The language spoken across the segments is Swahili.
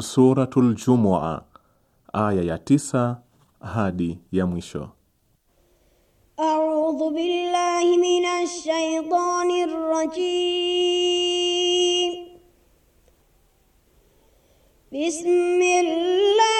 Suratul Jumua aya ya tisa hadi ya mwisho. A'udhu billahi minash shaitani rajim. Bismillah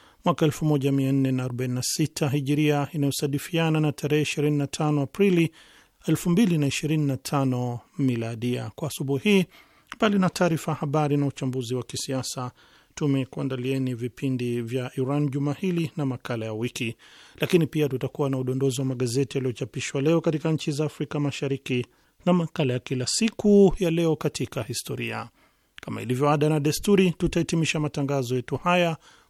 mwaka 1446 hijiria inayosadifiana na tarehe 25 Aprili 2025 miladia. Kwa asubuhi hii, mbali na taarifa habari na uchambuzi wa kisiasa, tumekuandalieni vipindi vya Iran juma hili na makala ya wiki, lakini pia tutakuwa na udondozi wa magazeti yaliyochapishwa leo katika nchi za Afrika Mashariki na makala ya kila siku ya leo katika historia. Kama ilivyo ada na desturi, tutahitimisha matangazo yetu haya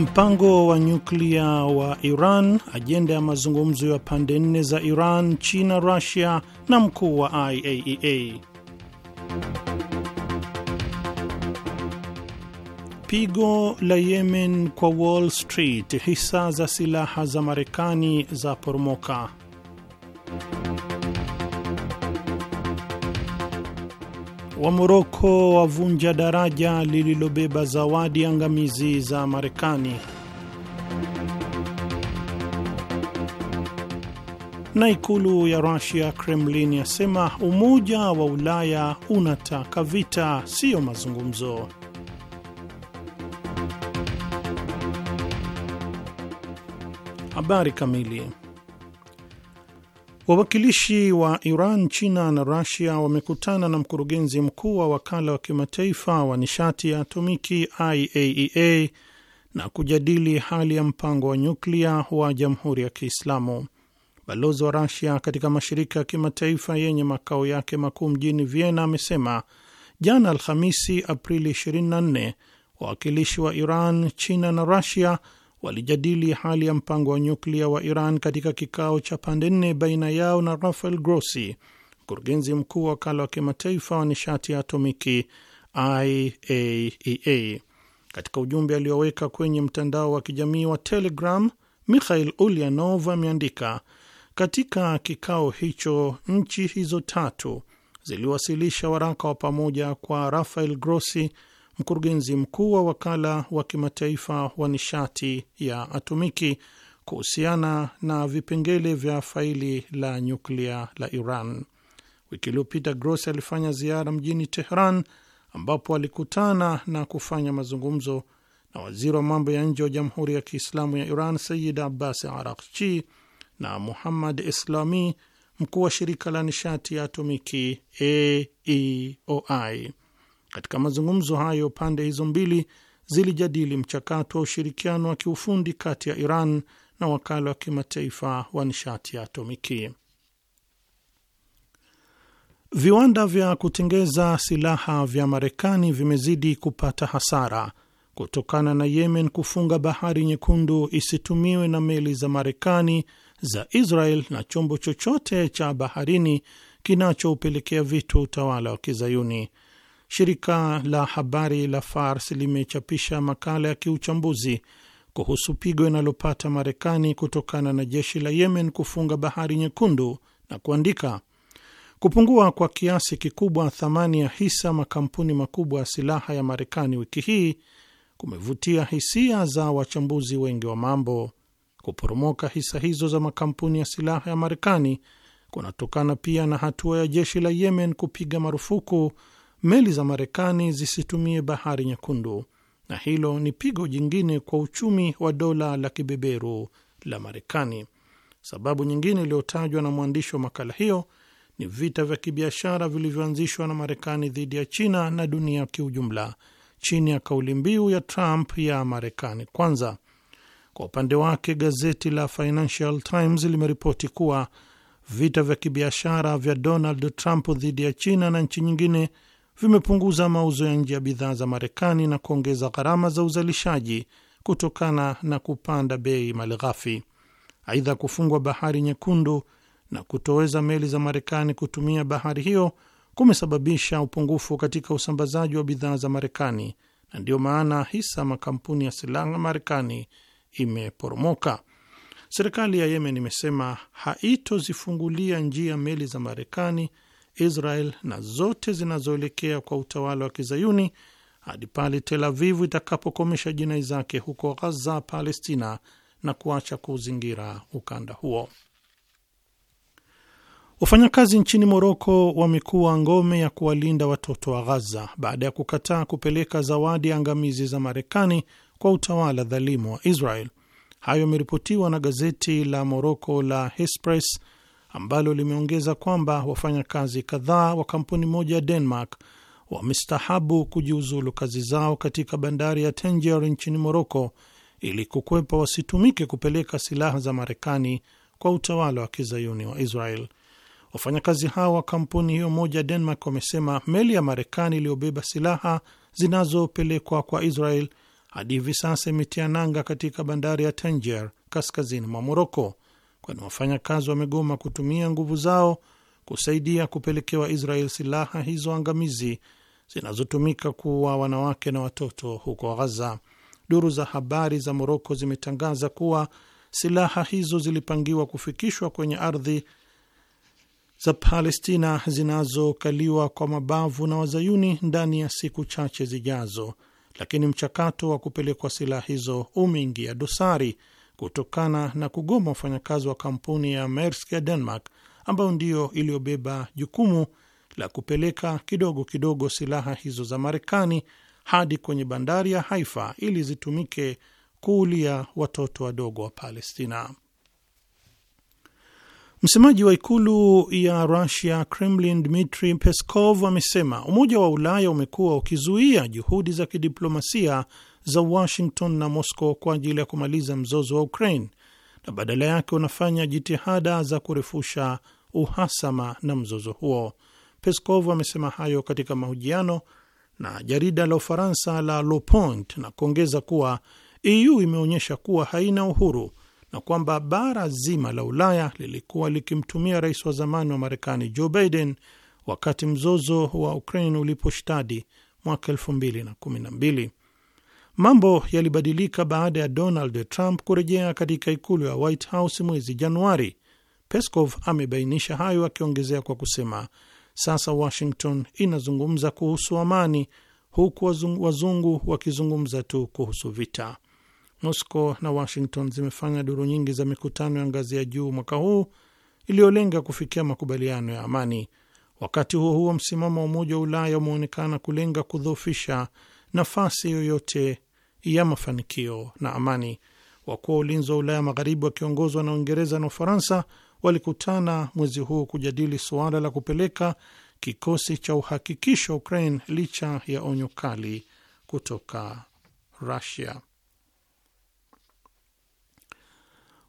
Mpango wa nyuklia wa Iran, ajenda ya mazungumzo ya pande nne za Iran, China, Rusia na mkuu wa IAEA. E Pigo la Yemen kwa Wall Street, hisa za silaha za Marekani za poromoka. wa Moroko wavunja daraja lililobeba zawadi angamizi za Marekani. Na ikulu ya Rusia, Kremlin, yasema Umoja wa Ulaya unataka vita, siyo mazungumzo. Habari kamili. Wawakilishi wa Iran, China na Rusia wamekutana na mkurugenzi mkuu wa wakala wa kimataifa wa nishati ya atomiki IAEA e na kujadili hali ya mpango wa nyuklia wa Jamhuri ya Kiislamu. Balozi wa Rusia katika mashirika ya kimataifa yenye makao yake makuu mjini Vienna amesema jana Alhamisi, Aprili 24 wawakilishi wa Iran, China na Rusia walijadili hali ya mpango wa nyuklia wa Iran katika kikao cha pande nne baina yao na Rafael Grossi, mkurugenzi mkuu wa wakala wa kimataifa wa nishati ya atomiki IAEA. E katika ujumbe alioweka kwenye mtandao wa kijamii wa Telegram, Mikhail Ulyanov ameandika katika kikao hicho nchi hizo tatu ziliwasilisha waraka wa pamoja kwa Rafael Grossi mkurugenzi mkuu wa wakala wa kimataifa wa nishati ya atomiki kuhusiana na vipengele vya faili la nyuklia la Iran. Wiki iliyopita Gross alifanya ziara mjini Tehran ambapo alikutana na kufanya mazungumzo na waziri wa mambo ya nje wa Jamhuri ya Kiislamu ya Iran Sayid Abbas Arakchi na Muhammad Islami, mkuu wa shirika la nishati ya atomiki AEOI. Katika mazungumzo hayo, pande hizo mbili zilijadili mchakato wa ushirikiano wa kiufundi kati ya Iran na wakala wa kimataifa wa nishati ya atomiki. Viwanda vya kutengeza silaha vya Marekani vimezidi kupata hasara kutokana na Yemen kufunga bahari nyekundu isitumiwe na meli za Marekani, za Israel na chombo chochote cha baharini kinachoupelekea vitu utawala wa Kizayuni shirika la habari la Fars limechapisha makala ya kiuchambuzi kuhusu pigo inalopata Marekani kutokana na jeshi la Yemen kufunga bahari Nyekundu na kuandika kupungua kwa kiasi kikubwa thamani ya hisa makampuni makubwa ya silaha ya Marekani wiki hii kumevutia hisia za wachambuzi wengi wa mambo. Kuporomoka hisa hizo za makampuni ya silaha ya Marekani kunatokana pia na hatua ya jeshi la Yemen kupiga marufuku meli za Marekani zisitumie bahari nyekundu, na hilo ni pigo jingine kwa uchumi wa dola la kibeberu la Marekani. Sababu nyingine iliyotajwa na mwandishi wa makala hiyo ni vita vya kibiashara vilivyoanzishwa na Marekani dhidi ya China na dunia kiujumla chini ya kauli mbiu ya Trump ya Marekani kwanza. Kwa upande wake, gazeti la Financial Times limeripoti kuwa vita vya kibiashara vya Donald Trump dhidi ya China na nchi nyingine vimepunguza mauzo ya nje ya bidhaa za Marekani na kuongeza gharama za uzalishaji kutokana na kupanda bei malighafi. Aidha, kufungwa Bahari Nyekundu na kutoweza meli za Marekani kutumia bahari hiyo kumesababisha upungufu katika usambazaji wa bidhaa za Marekani, na ndiyo maana hisa makampuni ya silaha Marekani imeporomoka. Serikali ya Yemen imesema haitozifungulia njia meli za Marekani Israel na zote zinazoelekea kwa utawala wa kizayuni hadi pale Tel Avivu itakapokomesha jinai zake huko Ghaza, Palestina, na kuacha kuuzingira ukanda huo. Wafanyakazi nchini Moroko wamekuwa ngome ya kuwalinda watoto wa Ghaza baada ya kukataa kupeleka zawadi angamizi za Marekani kwa utawala dhalimu wa Israel. Hayo yameripotiwa na gazeti la Moroko la Hespres ambalo limeongeza kwamba wafanyakazi kadhaa wa kampuni moja ya Denmark wamestahabu kujiuzulu kazi zao katika bandari ya Tanger nchini Moroko ili kukwepa wasitumike kupeleka silaha za Marekani kwa utawala wa kizayuni wa Israel. Wafanyakazi hao wa kampuni hiyo moja Denmark wamesema meli ya Marekani iliyobeba silaha zinazopelekwa kwa Israel hadi hivi sasa imetia nanga katika bandari ya Tanger kaskazini mwa Moroko kwani wafanyakazi wamegoma kutumia nguvu zao kusaidia kupelekewa Israel silaha hizo angamizi zinazotumika kuua wanawake na watoto huko Ghaza. Duru za habari za Moroko zimetangaza kuwa silaha hizo zilipangiwa kufikishwa kwenye ardhi za Palestina zinazokaliwa kwa mabavu na Wazayuni ndani ya siku chache zijazo, lakini mchakato wa kupelekwa silaha hizo umeingia dosari kutokana na kugoma wafanyakazi wa kampuni ya Maersk ya Denmark ambayo ndiyo iliyobeba jukumu la kupeleka kidogo kidogo silaha hizo za Marekani hadi kwenye bandari ya Haifa ili zitumike kuulia watoto wadogo wa Palestina. Msemaji wa ikulu ya Rusia, Kremlin, Dmitri Peskov amesema Umoja wa Ulaya umekuwa ukizuia juhudi za kidiplomasia za Washington na Moscow kwa ajili ya kumaliza mzozo wa Ukraine na badala yake unafanya jitihada za kurefusha uhasama na mzozo huo. Peskov amesema hayo katika mahojiano na jarida la Ufaransa la Le Point na kuongeza kuwa EU imeonyesha kuwa haina uhuru na kwamba bara zima la Ulaya lilikuwa likimtumia rais wa zamani wa Marekani Joe Biden wakati mzozo wa Ukraine uliposhtadi mwaka 2012. Mambo yalibadilika baada ya Donald Trump kurejea katika ikulu ya White House mwezi Januari. Peskov amebainisha hayo akiongezea kwa kusema, sasa Washington inazungumza kuhusu amani huku wazungu wakizungumza tu kuhusu vita. Moscow na Washington zimefanya duru nyingi za mikutano ya ngazi ya juu mwaka huu iliyolenga kufikia makubaliano ya amani. Wakati huo huo, msimamo wa Umoja wa Ulaya umeonekana kulenga kudhoofisha nafasi yoyote ya mafanikio na amani. Wakuu wa ulinzi wa Ulaya Magharibi wakiongozwa na Uingereza na Ufaransa walikutana mwezi huu kujadili suala la kupeleka kikosi cha uhakikisho Ukraine licha ya onyo kali kutoka Rusia.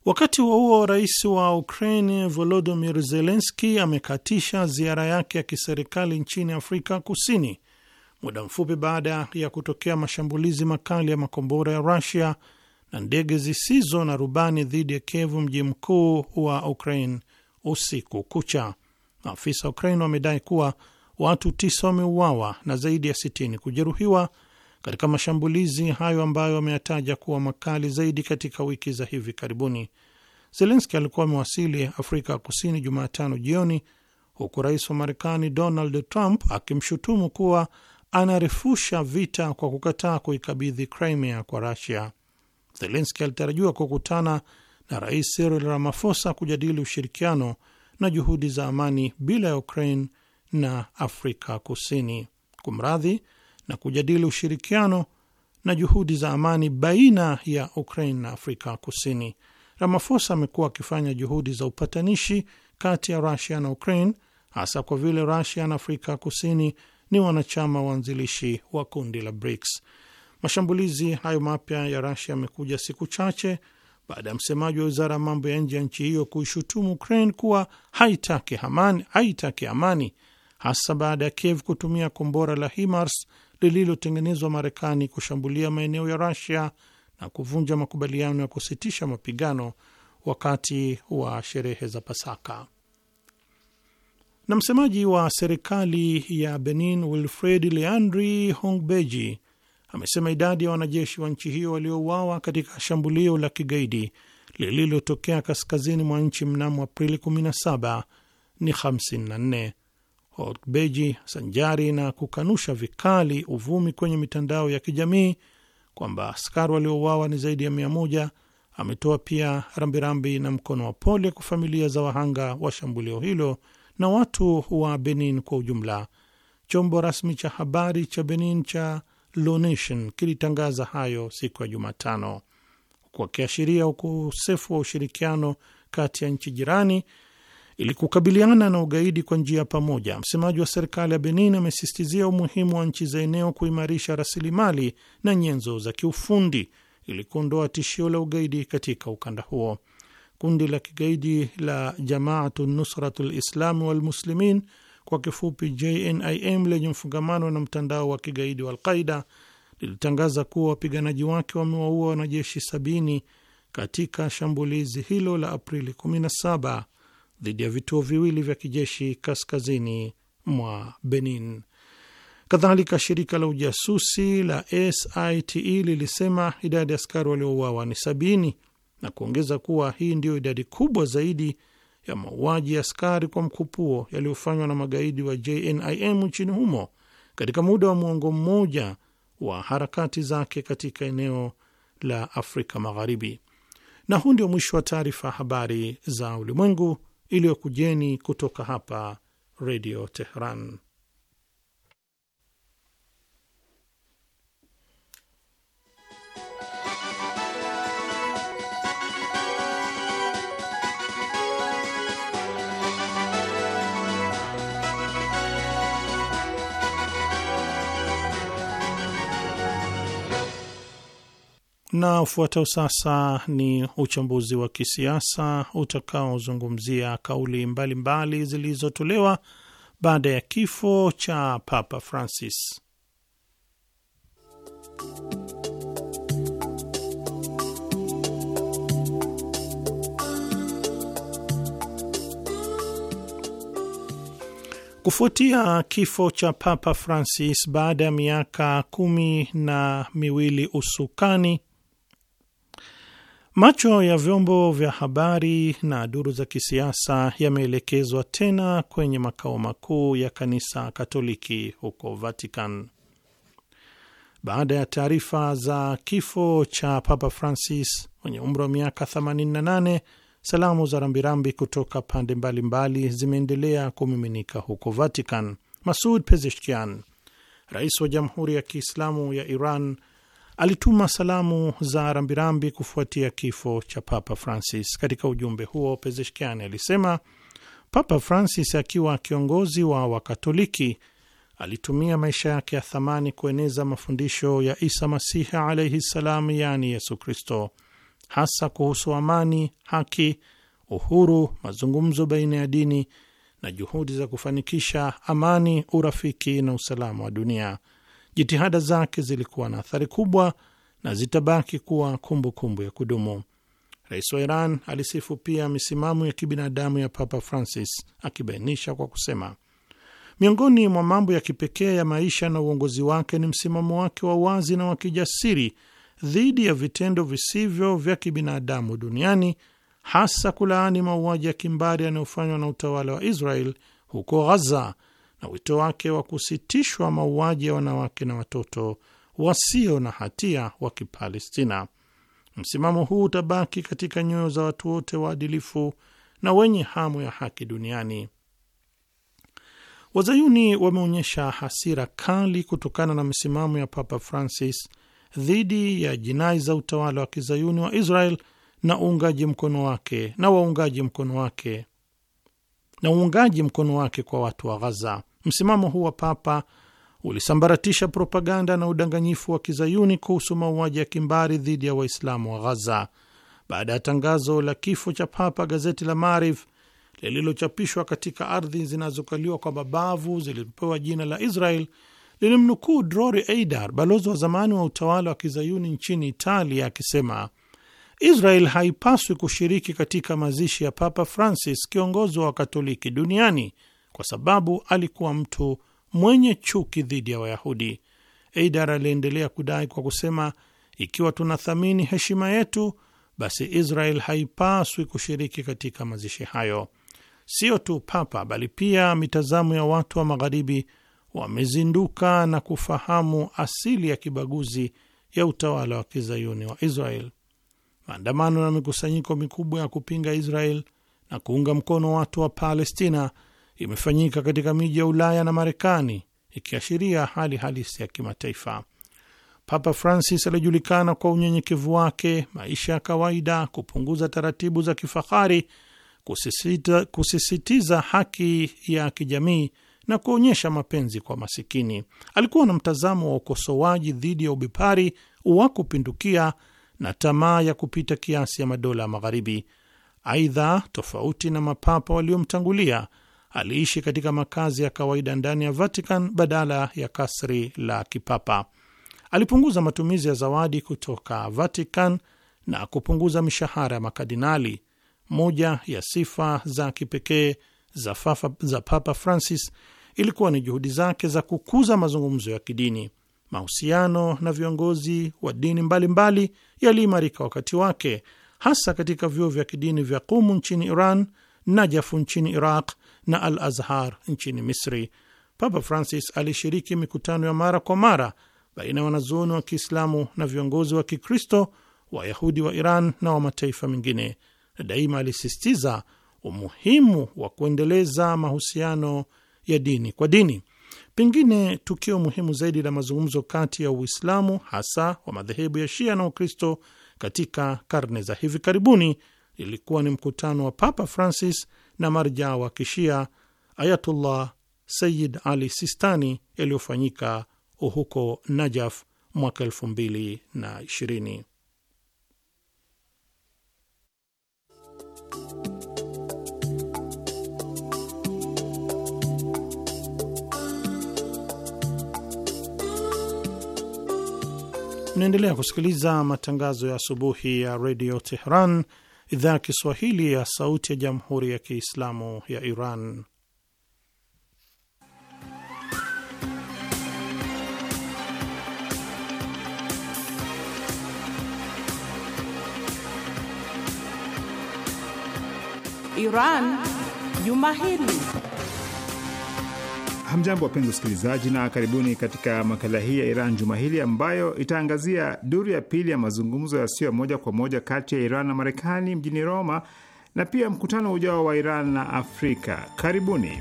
Wakati huo huo, rais wa Ukraine Volodymyr Zelensky amekatisha ziara yake ya kiserikali nchini Afrika Kusini muda mfupi baada ya kutokea mashambulizi makali ya makombora ya Rusia na ndege zisizo na rubani dhidi ya Kievu, mji mkuu wa Ukraine, usiku kucha. Maafisa wa Ukraine wamedai kuwa watu tisa wameuawa na zaidi ya sitini kujeruhiwa katika mashambulizi hayo ambayo wameyataja kuwa makali zaidi katika wiki za hivi karibuni. Zelenski alikuwa amewasili Afrika Kusini Jumatano jioni huku rais wa Marekani Donald Trump akimshutumu kuwa anarefusha vita kwa kukataa kuikabidhi Crimea kwa rasia Zelenski alitarajiwa kukutana na Rais Cyril Ramaphosa kujadili ushirikiano na juhudi za amani bila ya Ukraine na Afrika Kusini, kumradhi, na kujadili ushirikiano na juhudi za amani baina ya Ukraine na Afrika Kusini. Ramaphosa amekuwa akifanya juhudi za upatanishi kati ya rasia na Ukraine, hasa kwa vile rasia na Afrika Kusini ni wanachama waanzilishi wa kundi la BRICS. Mashambulizi hayo mapya ya Rasia yamekuja siku chache baada ya msemaji wa wizara ya mambo ya nje ya nchi hiyo kuishutumu Ukraine kuwa haitaki amani, haitaki amani, hasa baada ya Kiev kutumia kombora la HIMARS lililotengenezwa Marekani kushambulia maeneo ya Rasia na kuvunja makubaliano ya kusitisha mapigano wakati wa sherehe za Pasaka. Na msemaji wa serikali ya Benin Wilfred Leandri Hongbeji amesema idadi ya wanajeshi wa nchi hiyo waliouawa katika shambulio la kigaidi lililotokea kaskazini mwa nchi mnamo Aprili 17 ni 54. Hongbeji, sanjari na kukanusha vikali uvumi kwenye mitandao ya kijamii kwamba askari waliouawa ni zaidi ya 100, ametoa pia rambirambi na mkono wa pole kwa familia za wahanga wa shambulio hilo na watu wa Benin kwa ujumla. Chombo rasmi cha habari cha Benin cha Le Nation kilitangaza hayo siku ya Jumatano, huku akiashiria ukosefu wa ushirikiano kati ya nchi jirani ili kukabiliana na ugaidi kwa njia pamoja. Msemaji wa serikali ya Benin amesisitizia umuhimu wa nchi za eneo kuimarisha rasilimali na nyenzo za kiufundi ili kuondoa tishio la ugaidi katika ukanda huo kundi la kigaidi la Jamaatu Nusratu Islami Walmuslimin, kwa kifupi JNIM, lenye mfungamano na mtandao wa kigaidi wa Alqaida lilitangaza kuwa wapiganaji wake wamewaua wanajeshi sabini katika shambulizi hilo la Aprili 17 dhidi ya vituo viwili vya kijeshi kaskazini mwa Benin. Kadhalika, shirika la ujasusi la SITE lilisema idadi ya askari waliouawa ni sabini na kuongeza kuwa hii ndiyo idadi kubwa zaidi ya mauaji ya askari kwa mkupuo yaliyofanywa na magaidi wa JNIM nchini humo katika muda wa mwongo mmoja wa harakati zake katika eneo la Afrika Magharibi. Na huu ndio mwisho wa taarifa ya habari za ulimwengu iliyokujeni kutoka hapa Redio Teheran. Na ufuatao sasa ni uchambuzi wa kisiasa utakaozungumzia kauli mbalimbali zilizotolewa baada ya kifo cha Papa Francis. Kufuatia kifo cha Papa Francis baada ya miaka kumi na miwili usukani Macho ya vyombo vya habari na duru za kisiasa yameelekezwa tena kwenye makao makuu ya kanisa Katoliki huko Vatican. Baada ya taarifa za kifo cha Papa Francis mwenye umri wa miaka 88, salamu za rambirambi kutoka pande mbalimbali zimeendelea kumiminika huko Vatican. Masud Pezeshkian, rais wa Jamhuri ya Kiislamu ya Iran alituma salamu za rambirambi kufuatia kifo cha Papa Francis. Katika ujumbe huo, Pezeshkian alisema Papa Francis akiwa kiongozi wa Wakatoliki alitumia maisha yake ya thamani kueneza mafundisho ya Isa masihi alaihi ssalam, yaani Yesu Kristo, hasa kuhusu amani, haki, uhuru, mazungumzo baina ya dini na juhudi za kufanikisha amani, urafiki na usalama wa dunia jitihada zake zilikuwa na athari kubwa na zitabaki kuwa kumbukumbu kumbu ya kudumu. Rais wa Iran alisifu pia misimamo ya kibinadamu ya Papa Francis akibainisha kwa kusema, miongoni mwa mambo ya kipekee ya maisha na uongozi wake ni msimamo wake wa wazi na wa kijasiri dhidi ya vitendo visivyo vya kibinadamu duniani, hasa kulaani mauaji ya kimbari yanayofanywa na utawala wa Israel huko Ghaza na wito wake wa kusitishwa mauaji ya wanawake na watoto wasio na hatia wa Kipalestina. Msimamo huu utabaki katika nyoyo za watu wote waadilifu na wenye hamu ya haki duniani. Wazayuni wameonyesha hasira kali kutokana na misimamo ya Papa Francis dhidi ya jinai za utawala wa kizayuni wa Israel na uungaji mkono wake na waungaji mkono wake na uungaji mkono wake kwa watu wa Ghaza. Msimamo huu wa Papa ulisambaratisha propaganda na udanganyifu wa kizayuni kuhusu mauaji ya kimbari dhidi ya Waislamu wa Ghaza. Baada ya tangazo la kifo cha Papa, gazeti la Maarif lililochapishwa katika ardhi zinazokaliwa kwa mabavu zilizopewa jina la Israel lilimnukuu Drori Eidar, balozi wa zamani wa utawala wa kizayuni nchini Italia, akisema Israel haipaswi kushiriki katika mazishi ya Papa Francis, kiongozi wa Wakatoliki duniani kwa sababu alikuwa mtu mwenye chuki dhidi ya Wayahudi. Eidar aliendelea kudai kwa kusema, ikiwa tunathamini heshima yetu, basi Israel haipaswi kushiriki katika mazishi hayo. Sio tu papa, bali pia mitazamo ya watu wa Magharibi wamezinduka na kufahamu asili ya kibaguzi ya utawala wa kizayuni wa Israel. Maandamano na mikusanyiko mikubwa ya kupinga Israel na kuunga mkono watu wa Palestina imefanyika katika miji ya Ulaya na Marekani, ikiashiria hali halisi ya kimataifa. Papa Francis alijulikana kwa unyenyekevu wake, maisha ya kawaida, kupunguza taratibu za kifahari, kusisita, kusisitiza haki ya kijamii na kuonyesha mapenzi kwa masikini. Alikuwa na mtazamo wa ukosoaji dhidi ya ubepari wa kupindukia na tamaa ya kupita kiasi ya madola ya Magharibi. Aidha, tofauti na mapapa waliomtangulia, aliishi katika makazi ya kawaida ndani ya Vatican badala ya kasri la kipapa. Alipunguza matumizi ya zawadi kutoka Vatican na kupunguza mishahara ya makardinali. Moja ya sifa za kipekee za, za Papa Francis ilikuwa ni juhudi zake za kukuza mazungumzo ya kidini. Mahusiano na viongozi wa dini mbalimbali yaliimarika wakati wake, hasa katika vyuo vya kidini vya Kumu nchini Iran, Najafu nchini Iraq na Al Azhar nchini Misri. Papa Francis alishiriki mikutano ya mara kwa mara baina ya wanazuoni wa Kiislamu na viongozi wa Kikristo, Wayahudi wa Iran na wa mataifa mengine, na daima alisisitiza umuhimu wa kuendeleza mahusiano ya dini kwa dini. Pengine tukio muhimu zaidi la mazungumzo kati ya Uislamu hasa wa madhehebu ya Shia na Ukristo katika karne za hivi karibuni lilikuwa ni mkutano wa Papa Francis na marja wa kishia Ayatullah Sayid Ali Sistani yaliyofanyika huko Najaf mwaka ishirini. Mnaendelea kusikiliza matangazo ya asubuhi ya redio Tehran, idhaa ya Kiswahili ya Sauti ya Jamhuri ya Kiislamu ya Iran. Iran Juma Hili. Hamjambo, wapenzi wasikilizaji, na karibuni katika makala hii ya Iran juma hili ambayo itaangazia duru ya pili ya mazungumzo yasiyo ya moja kwa moja kati ya Iran na Marekani mjini Roma na pia mkutano ujao wa Iran na Afrika. Karibuni.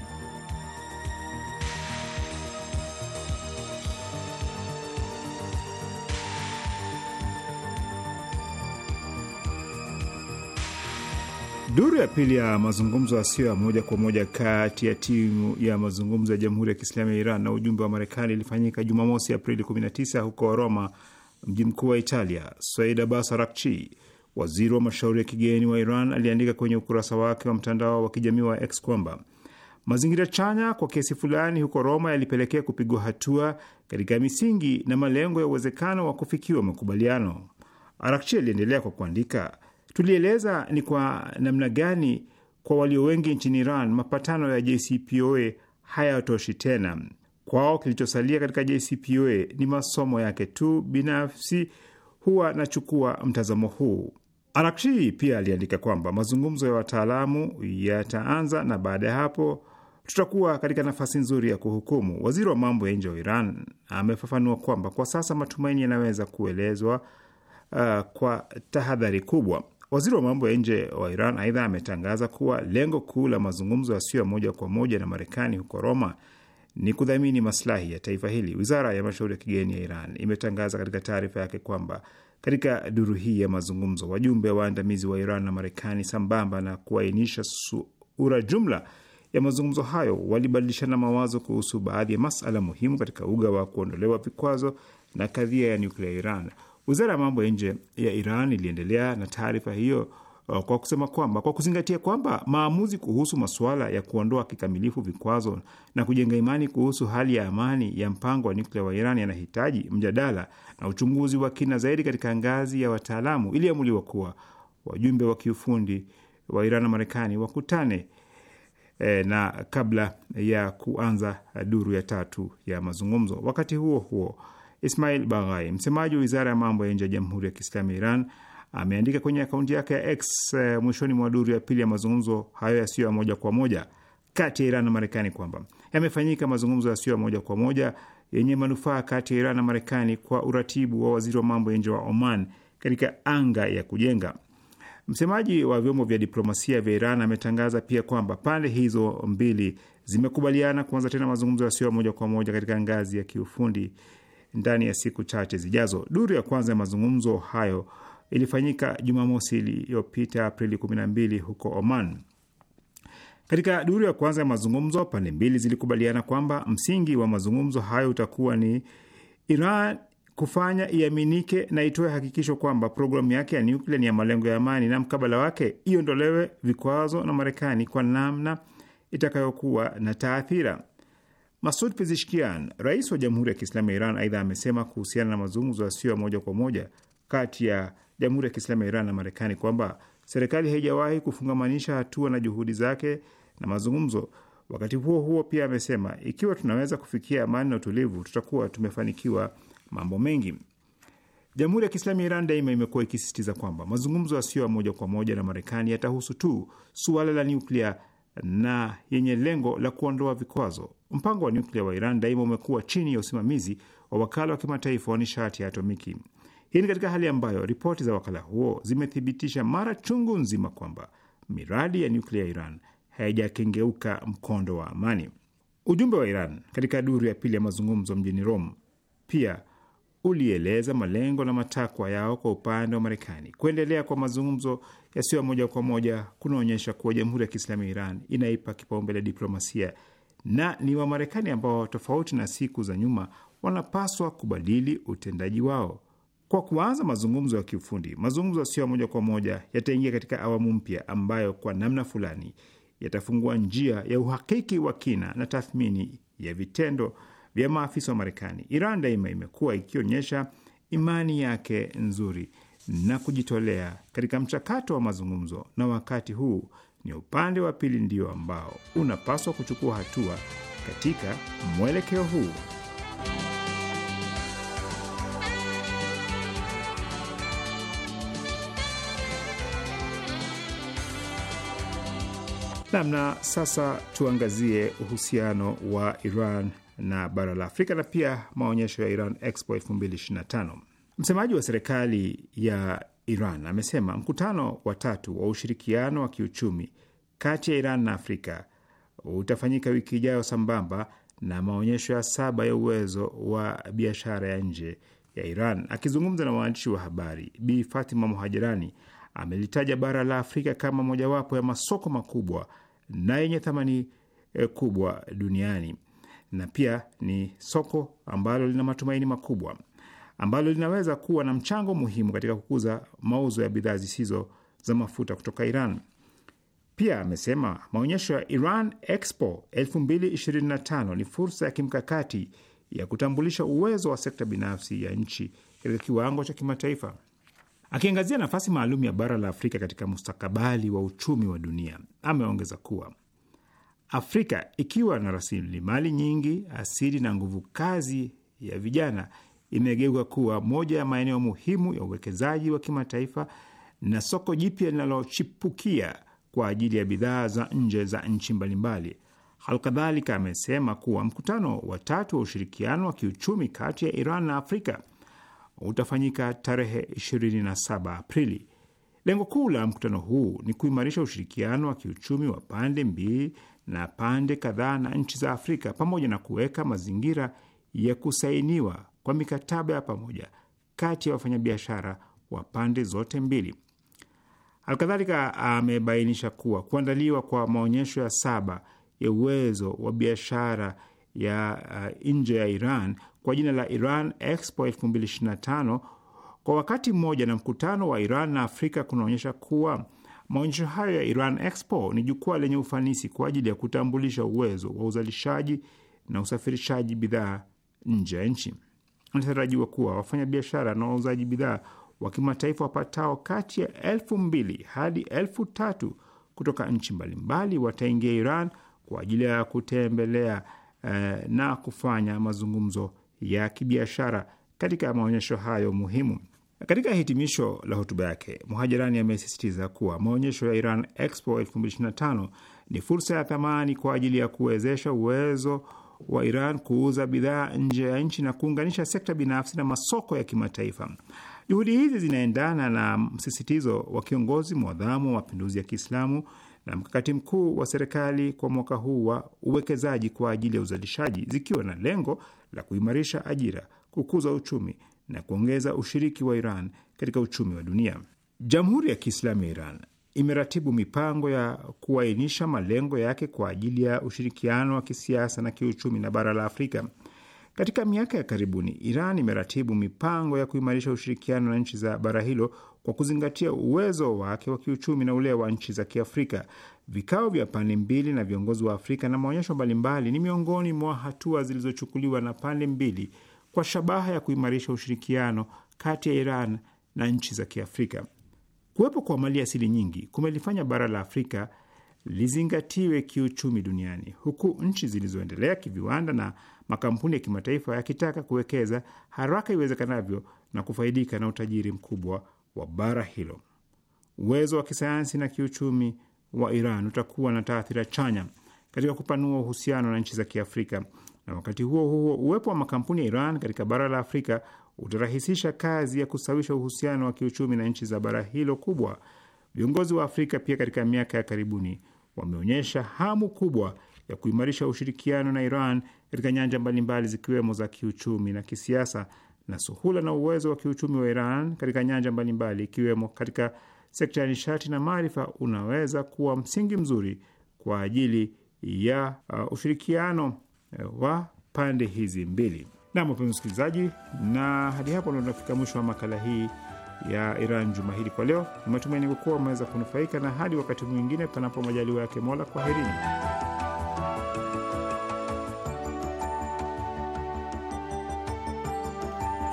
Duru ya pili ya mazungumzo yasiyo ya moja kwa moja kati ya timu ya mazungumzo ya Jamhuri ya Kiislamu ya Iran na ujumbe wa Marekani ilifanyika Jumamosi, Aprili 19 huko Roma, mji mkuu wa Italia. Said Abbas Arakchi, waziri wa mashauri ya kigeni wa Iran, aliandika kwenye ukurasa wake wa mtandao wa kijamii wa X kwamba mazingira chanya kwa kiasi fulani huko Roma yalipelekea kupigwa hatua katika misingi na malengo ya uwezekano wa kufikiwa makubaliano. Arakchi aliendelea kwa kuandika Tulieleza ni kwa namna gani kwa walio wengi nchini Iran mapatano ya JCPOA hayatoshi tena. Kwao kilichosalia katika JCPOA ni masomo yake tu. Binafsi huwa nachukua mtazamo huu. Arakshi pia aliandika kwamba mazungumzo ya wataalamu yataanza na baada ya hapo tutakuwa katika nafasi nzuri ya kuhukumu. Waziri wa mambo ya nje wa Iran amefafanua kwamba kwa sasa matumaini yanaweza kuelezwa uh, kwa tahadhari kubwa. Waziri wa mambo ya nje wa Iran aidha ametangaza kuwa lengo kuu la mazungumzo yasiyo ya moja kwa moja na Marekani huko Roma ni kudhamini maslahi ya taifa hili. Wizara ya mashauri ya kigeni ya Iran imetangaza katika taarifa yake kwamba katika duru hii ya mazungumzo, wajumbe waandamizi wa Iran na Marekani, sambamba na kuainisha sura jumla ya mazungumzo hayo, walibadilishana mawazo kuhusu baadhi ya masala muhimu katika uga wa kuondolewa vikwazo na kadhia ya nyuklia ya Iran. Wizara ya mambo ya nje ya Iran iliendelea na taarifa hiyo uh, kwa kusema kwamba kwa kuzingatia kwamba maamuzi kuhusu masuala ya kuondoa kikamilifu vikwazo na kujenga imani kuhusu hali ya amani ya mpango wa nyuklia wa Iran yanahitaji mjadala na uchunguzi wa kina zaidi katika ngazi ya wataalamu, iliamuliwa kuwa wajumbe wa kiufundi wa Iran na Marekani wakutane e, na kabla ya kuanza duru ya tatu ya mazungumzo. Wakati huo huo Ismail Baghai, msemaji wa wizara ya mambo ya nje ya Jamhuri ya Kiislamu ya Iran, ameandika kwenye akaunti yake ya X eh, mwishoni mwa duru ya pili ya mazungumzo hayo yasiyo ya moja kwa moja kati ya Iran na Marekani kwamba yamefanyika mazungumzo yasiyo ya moja kwa moja yenye manufaa kati ya Iran na Marekani kwa uratibu wa waziri wa mambo ya nje wa Oman katika anga ya kujenga. Msemaji wa vyombo vya diplomasia vya Iran ametangaza pia kwamba pande hizo mbili zimekubaliana kuanza tena mazungumzo yasiyo ya moja kwa moja katika ngazi ya kiufundi ndani ya siku chache zijazo. Duru ya kwanza ya mazungumzo hayo ilifanyika Jumamosi iliyopita Aprili 12 huko Oman. Katika duru ya kwanza ya mazungumzo, pande mbili zilikubaliana kwamba msingi wa mazungumzo hayo utakuwa ni Iran kufanya iaminike na itoe hakikisho kwamba programu yake ya nyuklia ni ya malengo ya amani na mkabala wake iondolewe vikwazo na Marekani kwa namna itakayokuwa na taathira. Masud Pezishkian, rais wa Jamhuri ya Kiislamu ya Iran, aidha amesema kuhusiana na mazungumzo yasiyo ya moja kwa moja kati ya Jamhuri ya Kiislamu ya Iran na Marekani kwamba serikali haijawahi kufungamanisha hatua na juhudi zake na mazungumzo. Wakati huo huo, pia amesema ikiwa tunaweza kufikia amani na utulivu, tutakuwa tumefanikiwa mambo mengi. Jamhuri ya Kiislamu ya Iran daima imekuwa ikisisitiza kwamba mazungumzo yasiyo ya moja kwa moja na Marekani yatahusu tu suala la nyuklia na yenye lengo la kuondoa vikwazo. Mpango wa nyuklia wa Iran daima umekuwa chini ya usimamizi wa wakala wa kimataifa wa nishati ya atomiki. Hii ni katika hali ambayo ripoti za wakala huo zimethibitisha mara chungu nzima kwamba miradi ya nyuklia ya Iran haijakengeuka mkondo wa amani. Ujumbe wa Iran katika duru ya pili ya mazungumzo mjini Rome pia ulieleza malengo na matakwa yao kwa upande wa Marekani. Kuendelea kwa mazungumzo yasiyo moja kwa moja kunaonyesha kuwa Jamhuri ya Kiislamu ya Iran inaipa kipaumbele diplomasia na ni Wamarekani ambao tofauti na siku za nyuma wanapaswa kubadili utendaji wao kwa kuanza mazungumzo ya kiufundi. Mazungumzo sio moja kwa moja yataingia katika awamu mpya ambayo kwa namna fulani yatafungua njia ya uhakiki wa kina na tathmini ya vitendo vya maafisa wa Marekani. Iran daima imekuwa ikionyesha imani yake nzuri na kujitolea katika mchakato wa mazungumzo, na wakati huu ni upande wa pili ndio ambao unapaswa kuchukua hatua katika mwelekeo huu. Namna sasa tuangazie uhusiano wa Iran na bara la Afrika na pia maonyesho ya Iran Expo 2025. Msemaji wa serikali ya Iran. Amesema mkutano wa tatu wa ushirikiano wa kiuchumi kati ya Iran na Afrika utafanyika wiki ijayo sambamba na maonyesho ya saba ya uwezo wa biashara ya nje ya Iran. Akizungumza na waandishi wa habari, Bi Fatima Muhajirani amelitaja bara la Afrika kama mojawapo ya masoko makubwa na yenye thamani eh, kubwa duniani na pia ni soko ambalo lina matumaini makubwa ambalo linaweza kuwa na mchango muhimu katika kukuza mauzo ya bidhaa zisizo za mafuta kutoka Iran. Pia amesema maonyesho ya Iran Expo 2025 ni fursa ya kimkakati ya kutambulisha uwezo wa sekta binafsi ya nchi katika kiwango cha kimataifa. Akiangazia nafasi maalum ya bara la Afrika katika mustakabali wa uchumi wa dunia, ameongeza kuwa Afrika ikiwa na rasilimali nyingi asili na nguvu kazi ya vijana imegeuka kuwa moja ya maeneo muhimu ya uwekezaji wa kimataifa na soko jipya linalochipukia kwa ajili ya bidhaa za nje za nchi mbalimbali. Halkadhalika amesema kuwa mkutano wa tatu wa ushirikiano wa kiuchumi kati ya Iran na Afrika utafanyika tarehe 27 Aprili. Lengo kuu la mkutano huu ni kuimarisha ushirikiano wa kiuchumi wa pande mbili na pande kadhaa na nchi za Afrika pamoja na kuweka mazingira ya kusainiwa wa mikataba ya pamoja kati ya wafanyabiashara wa pande zote mbili. Alkadhalika, amebainisha kuwa kuandaliwa kwa maonyesho ya saba ya uwezo wa biashara ya uh, nje ya Iran kwa jina la Iran Expo 2025 kwa wakati mmoja na mkutano wa Iran na Afrika kunaonyesha kuwa maonyesho hayo ya Iran Expo ni jukwaa lenye ufanisi kwa ajili ya kutambulisha uwezo wa uzalishaji na usafirishaji bidhaa nje ya nchi. Inatarajiwa kuwa wafanyabiashara na wauzaji bidhaa wa kimataifa wapatao kati ya elfu mbili hadi elfu tatu kutoka nchi mbalimbali wataingia Iran kwa ajili ya kutembelea eh, na kufanya mazungumzo ya kibiashara katika maonyesho hayo muhimu. Katika hitimisho la hotuba yake, Muhajirani amesisitiza kuwa maonyesho ya Iran Expo 2025 ni fursa ya thamani kwa ajili ya kuwezesha uwezo wa Iran kuuza bidhaa nje ya nchi na kuunganisha sekta binafsi na masoko ya kimataifa. Juhudi hizi zinaendana na msisitizo wa kiongozi mwadhamu wa mapinduzi ya Kiislamu na mkakati mkuu wa serikali kwa mwaka huu wa uwekezaji kwa ajili ya uzalishaji, zikiwa na lengo la kuimarisha ajira, kukuza uchumi na kuongeza ushiriki wa Iran katika uchumi wa dunia. Jamhuri ya Kiislamu ya Iran imeratibu mipango ya kuainisha malengo yake kwa ajili ya ushirikiano wa kisiasa na kiuchumi na bara la Afrika. Katika miaka ya karibuni, Iran imeratibu mipango ya kuimarisha ushirikiano na nchi za bara hilo kwa kuzingatia uwezo wake wa kiuchumi na ule wa nchi za Kiafrika. Vikao vya pande mbili na viongozi wa Afrika na maonyesho mbalimbali ni miongoni mwa hatua zilizochukuliwa na pande mbili kwa shabaha ya kuimarisha ushirikiano kati ya Iran na nchi za Kiafrika. Kuwepo kwa mali asili nyingi kumelifanya bara la Afrika lizingatiwe kiuchumi duniani huku nchi zilizoendelea kiviwanda na makampuni ya kimataifa yakitaka kuwekeza haraka iwezekanavyo na kufaidika na utajiri mkubwa wa bara hilo. Uwezo wa kisayansi na kiuchumi wa Iran utakuwa na taathira chanya katika kupanua uhusiano na nchi za Kiafrika, na wakati huo huo uwepo wa makampuni ya Iran katika bara la Afrika utarahisisha kazi ya kusawisha uhusiano wa kiuchumi na nchi za bara hilo kubwa. Viongozi wa Afrika pia katika miaka ya karibuni wameonyesha hamu kubwa ya kuimarisha ushirikiano na Iran katika nyanja mbalimbali zikiwemo za kiuchumi na kisiasa, na suhula na uwezo wa kiuchumi wa Iran katika nyanja mbalimbali ikiwemo katika sekta ya nishati na maarifa unaweza kuwa msingi mzuri kwa ajili ya uh, ushirikiano uh, wa pande hizi mbili. Nam, wapenzi msikilizaji, na hadi hapo ndo tunafika mwisho wa makala hii ya Iran juma hili kwa leo. Ni matumaini yangu kuwa wameweza kunufaika, na hadi wakati mwingine, panapo majaliwa yake Mola, kwa kwaherini.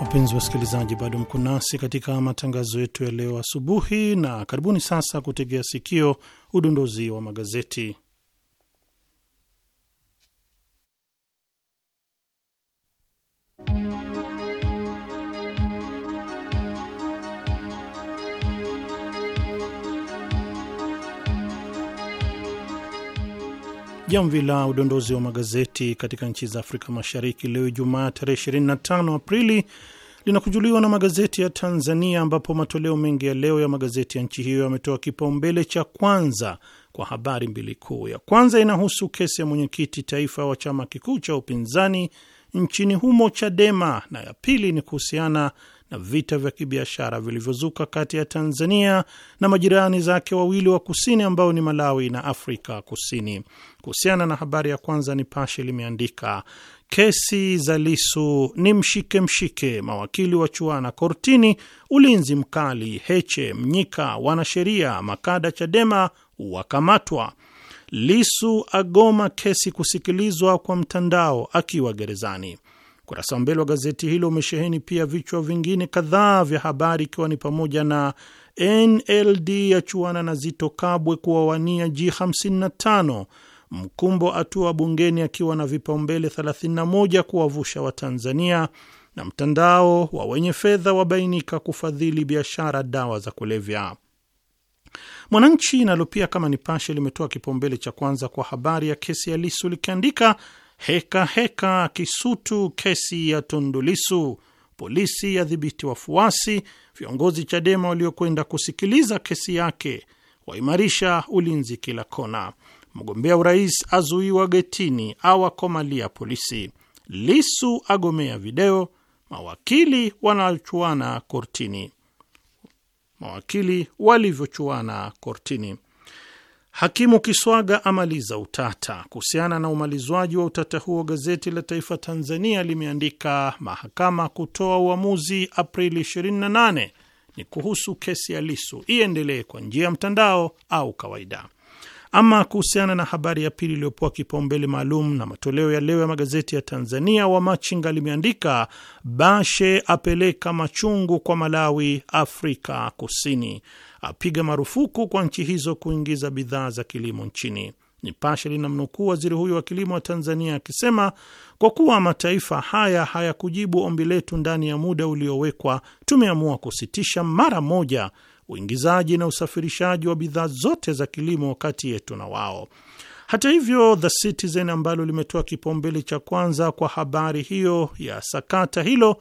Wapenzi wasikilizaji, bado mko nasi katika matangazo yetu ya leo asubuhi, na karibuni sasa kutegea sikio udondozi wa magazeti. Jamvi la udondozi wa magazeti katika nchi za Afrika Mashariki leo Ijumaa tarehe 25 Aprili linakujuliwa na magazeti ya Tanzania, ambapo matoleo mengi ya leo ya magazeti ya nchi hiyo yametoa kipaumbele cha kwanza kwa habari mbili kuu. Ya kwanza inahusu kesi ya mwenyekiti taifa wa chama kikuu cha upinzani nchini humo Chadema, na ya pili ni kuhusiana na vita vya kibiashara vilivyozuka kati ya Tanzania na majirani zake wawili wa kusini ambao ni Malawi na Afrika Kusini. Kuhusiana na habari ya kwanza, Nipashe limeandika kesi za Lisu ni mshike mshike, mawakili wa chuana kortini, ulinzi mkali, Heche, Mnyika, wanasheria makada Chadema wakamatwa. Lisu agoma kesi kusikilizwa kwa mtandao akiwa gerezani. Ukurasa wa mbele wa gazeti hilo umesheheni pia vichwa vingine kadhaa vya habari, ikiwa ni pamoja na NLD yachuana na Zito Kabwe kuwawania G55, Mkumbo atua bungeni akiwa na vipaumbele 31 kuwavusha Watanzania, na mtandao wa wenye fedha wabainika kufadhili biashara dawa za kulevya. Mwananchi nalo pia kama Nipashe limetoa kipaumbele cha kwanza kwa habari ya kesi ya Lisu likiandika heka heka Kisutu, kesi ya Tundulisu, polisi yadhibiti wafuasi, viongozi Chadema waliokwenda kusikiliza kesi yake waimarisha ulinzi kila kona, mgombea urais azuiwa getini awakomalia polisi, Lisu agomea video, mawakili wanachuana kortini, mawakili walivyochuana kortini. Hakimu Kiswaga amaliza utata kuhusiana na umalizwaji wa utata huo. Gazeti la Taifa Tanzania limeandika mahakama kutoa uamuzi Aprili 28 ni kuhusu kesi ya Lisu iendelee kwa njia ya mtandao au kawaida. Ama kuhusiana na habari ya pili iliyopewa kipaumbele maalum na matoleo ya leo ya magazeti ya Tanzania, Wamachinga limeandika Bashe apeleka machungu kwa Malawi, Afrika Kusini apiga marufuku kwa nchi hizo kuingiza bidhaa za kilimo nchini. Nipashe linamnukuu waziri huyo wa kilimo wa Tanzania akisema, kwa kuwa mataifa haya hayakujibu ombi letu ndani ya muda uliowekwa, tumeamua kusitisha mara moja uingizaji na usafirishaji wa bidhaa zote za kilimo kati yetu na wao. Hata hivyo, The Citizen ambalo limetoa kipaumbele cha kwanza kwa habari hiyo ya sakata hilo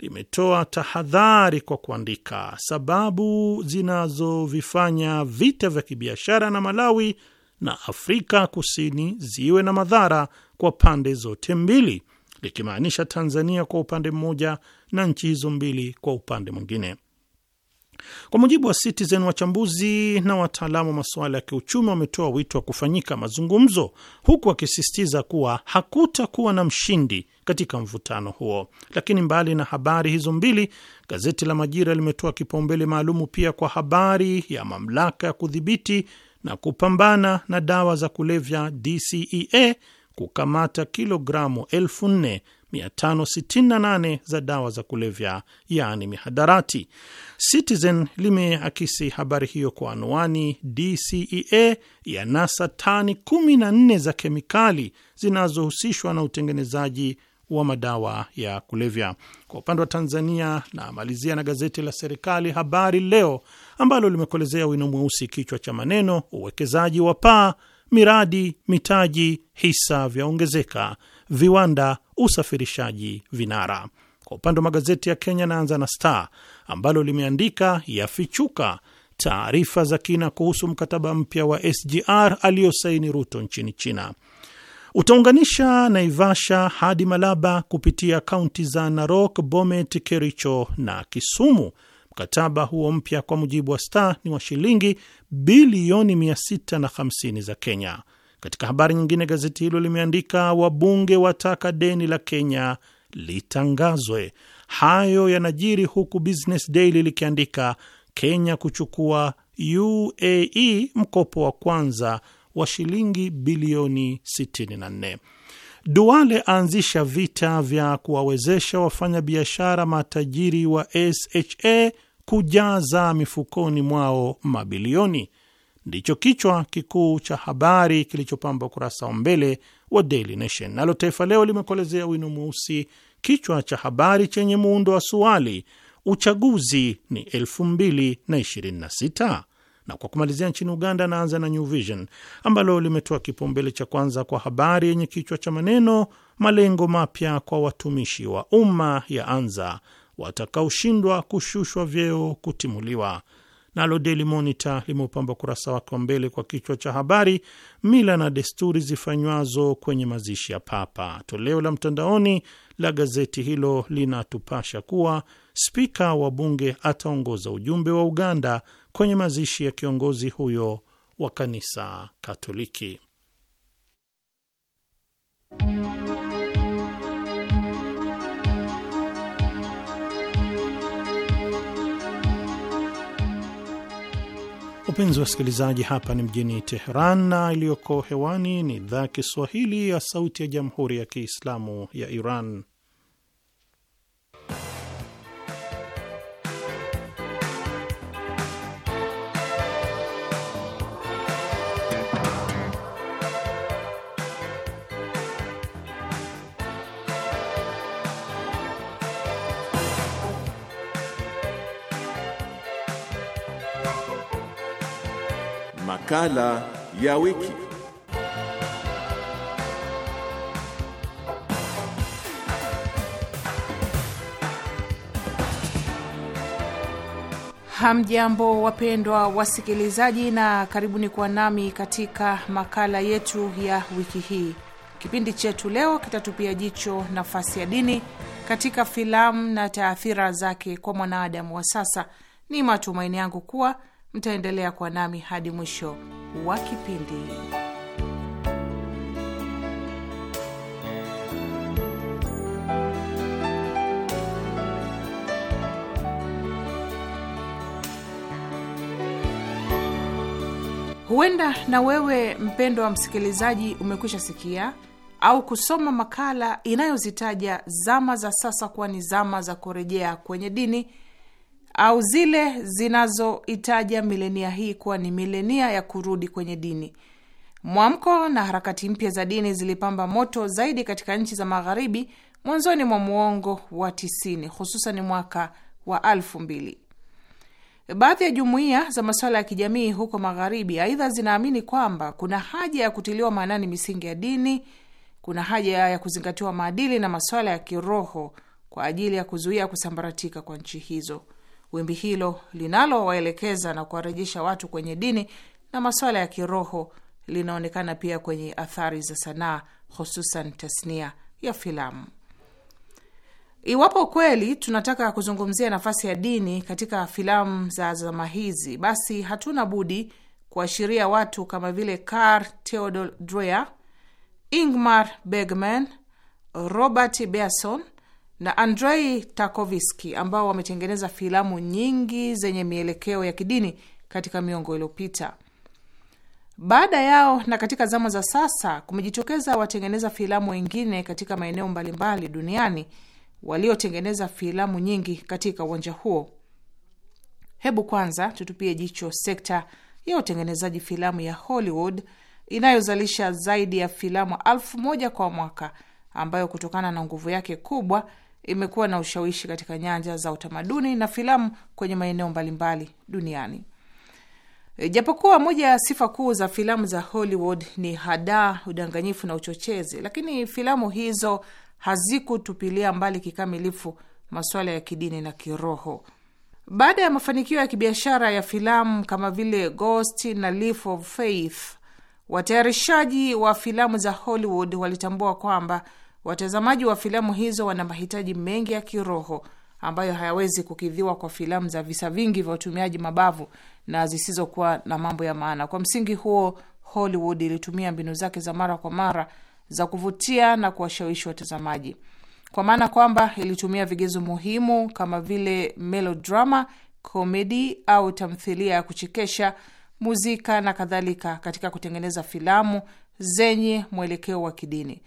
limetoa tahadhari kwa kuandika, sababu zinazovifanya vita vya kibiashara na Malawi na Afrika Kusini ziwe na madhara kwa pande zote mbili, likimaanisha Tanzania kwa upande mmoja na nchi hizo mbili kwa upande mwingine. Kwa mujibu wa Citizen, wachambuzi na wataalamu wa masuala ya kiuchumi wametoa wito wa kufanyika mazungumzo, huku wakisisitiza kuwa hakutakuwa na mshindi katika mvutano huo. Lakini mbali na habari hizo mbili, gazeti la Majira limetoa kipaumbele maalumu pia kwa habari ya mamlaka ya kudhibiti na kupambana na dawa za kulevya DCEA kukamata kilogramu elfu nne 568 za dawa za kulevya yaani mihadarati. Citizen limeakisi habari hiyo kwa anwani DCEA ya nasa tani 14 za kemikali zinazohusishwa na utengenezaji wa madawa ya kulevya. Kwa upande wa Tanzania, namalizia na gazeti la serikali Habari Leo ambalo limekolezea wino mweusi kichwa cha maneno uwekezaji wa paa miradi mitaji hisa vyaongezeka viwanda, usafirishaji vinara. Kwa upande wa magazeti ya Kenya, naanza na Star ambalo limeandika yafichuka taarifa za kina kuhusu mkataba mpya wa SGR aliyosaini Ruto nchini China utaunganisha Naivasha hadi Malaba kupitia kaunti za Narok, Bomet, Kericho na Kisumu. Mkataba huo mpya, kwa mujibu wa Star, ni wa shilingi bilioni 650 za Kenya. Katika habari nyingine, gazeti hilo limeandika wabunge wataka deni la Kenya litangazwe. Hayo yanajiri huku Business Daily likiandika Kenya kuchukua UAE mkopo wa kwanza wa shilingi bilioni 64. Duale aanzisha vita vya kuwawezesha wafanyabiashara matajiri wa SHA kujaza mifukoni mwao mabilioni ndicho kichwa kikuu cha habari kilichopamba ukurasa wa mbele wa Daily Nation. Nalo Taifa Leo limekolezea wino mweusi kichwa cha habari chenye muundo wa suali, uchaguzi ni 2026 na kwa kumalizia nchini Uganda, anaanza na New Vision ambalo limetoa kipaumbele cha kwanza kwa habari yenye kichwa cha maneno malengo mapya kwa watumishi wa umma ya anza, watakaoshindwa kushushwa vyeo kutimuliwa. Nalo Daily Monitor limeupamba ukurasa wake wa mbele kwa kichwa cha habari, mila na desturi zifanywazo kwenye mazishi ya Papa. Toleo la mtandaoni la gazeti hilo linatupasha kuwa spika wa bunge ataongoza ujumbe wa Uganda kwenye mazishi ya kiongozi huyo wa kanisa Katoliki. wa wasikilizaji, hapa ni mjini Teheran na iliyoko hewani ni idhaa Kiswahili ya Sauti ya Jamhuri ya Kiislamu ya Iran. Makala ya wiki. Hamjambo, wapendwa wasikilizaji, na karibuni kwa nami katika makala yetu ya wiki hii. Kipindi chetu leo kitatupia jicho nafasi ya dini katika filamu na taathira zake kwa mwanadamu wa sasa. Ni matumaini yangu kuwa mtaendelea kuwa nami hadi mwisho wa kipindi. Huenda na wewe mpendo wa msikilizaji umekwisha sikia au kusoma makala inayozitaja zama za sasa kuwa ni zama za kurejea kwenye dini au zile zinazoitaja milenia hii kuwa ni milenia ya kurudi kwenye dini. Mwamko na harakati mpya za dini zilipamba moto zaidi katika nchi za magharibi mwanzoni mwa muongo wa tisini, hususan mwaka wa alfu mbili. Baadhi ya jumuiya za masuala ya kijamii huko magharibi aidha zinaamini kwamba kuna haja ya kutiliwa maanani misingi ya dini, kuna haja ya kuzingatiwa maadili na masuala ya kiroho kwa ajili ya kuzuia kusambaratika kwa nchi hizo. Wimbi hilo linalowaelekeza na kuwarejesha watu kwenye dini na masuala ya kiroho linaonekana pia kwenye athari za sanaa, hususan tasnia ya filamu. Iwapo kweli tunataka kuzungumzia nafasi ya dini katika filamu za zama hizi, basi hatuna budi kuashiria watu kama vile Karl Theodor Dreyer, Ingmar Bergman, Robert Bresson na Andrei Tarkovsky ambao wametengeneza filamu nyingi zenye mielekeo ya kidini katika miongo iliyopita. Baada yao na katika zama za sasa kumejitokeza watengeneza filamu wengine katika maeneo mbalimbali duniani waliotengeneza filamu nyingi katika uwanja huo. Hebu kwanza tutupie jicho sekta ya utengenezaji filamu ya Hollywood inayozalisha zaidi ya filamu elfu moja kwa mwaka ambayo kutokana na nguvu yake kubwa imekuwa na ushawishi katika nyanja za utamaduni na filamu kwenye maeneo mbalimbali duniani. E, japokuwa moja ya sifa kuu za filamu za Hollywood ni hadaa, udanganyifu na uchochezi, lakini filamu hizo hazikutupilia mbali kikamilifu masuala ya kidini na kiroho. Baada ya mafanikio ya kibiashara ya filamu kama vile Ghost na Leap of Faith, watayarishaji wa filamu za Hollywood walitambua kwamba Watazamaji wa filamu hizo wana mahitaji mengi ya kiroho ambayo hayawezi kukidhiwa kwa filamu za visa vingi vya utumiaji mabavu na zisizokuwa na mambo ya maana. Kwa msingi huo, Hollywood ilitumia mbinu zake za mara kwa mara za kuvutia na kuwashawishi watazamaji, kwa maana kwamba ilitumia vigezo muhimu kama vile melodrama, komedi au tamthilia ya kuchekesha, muzika na kadhalika katika kutengeneza filamu zenye mwelekeo wa kidini.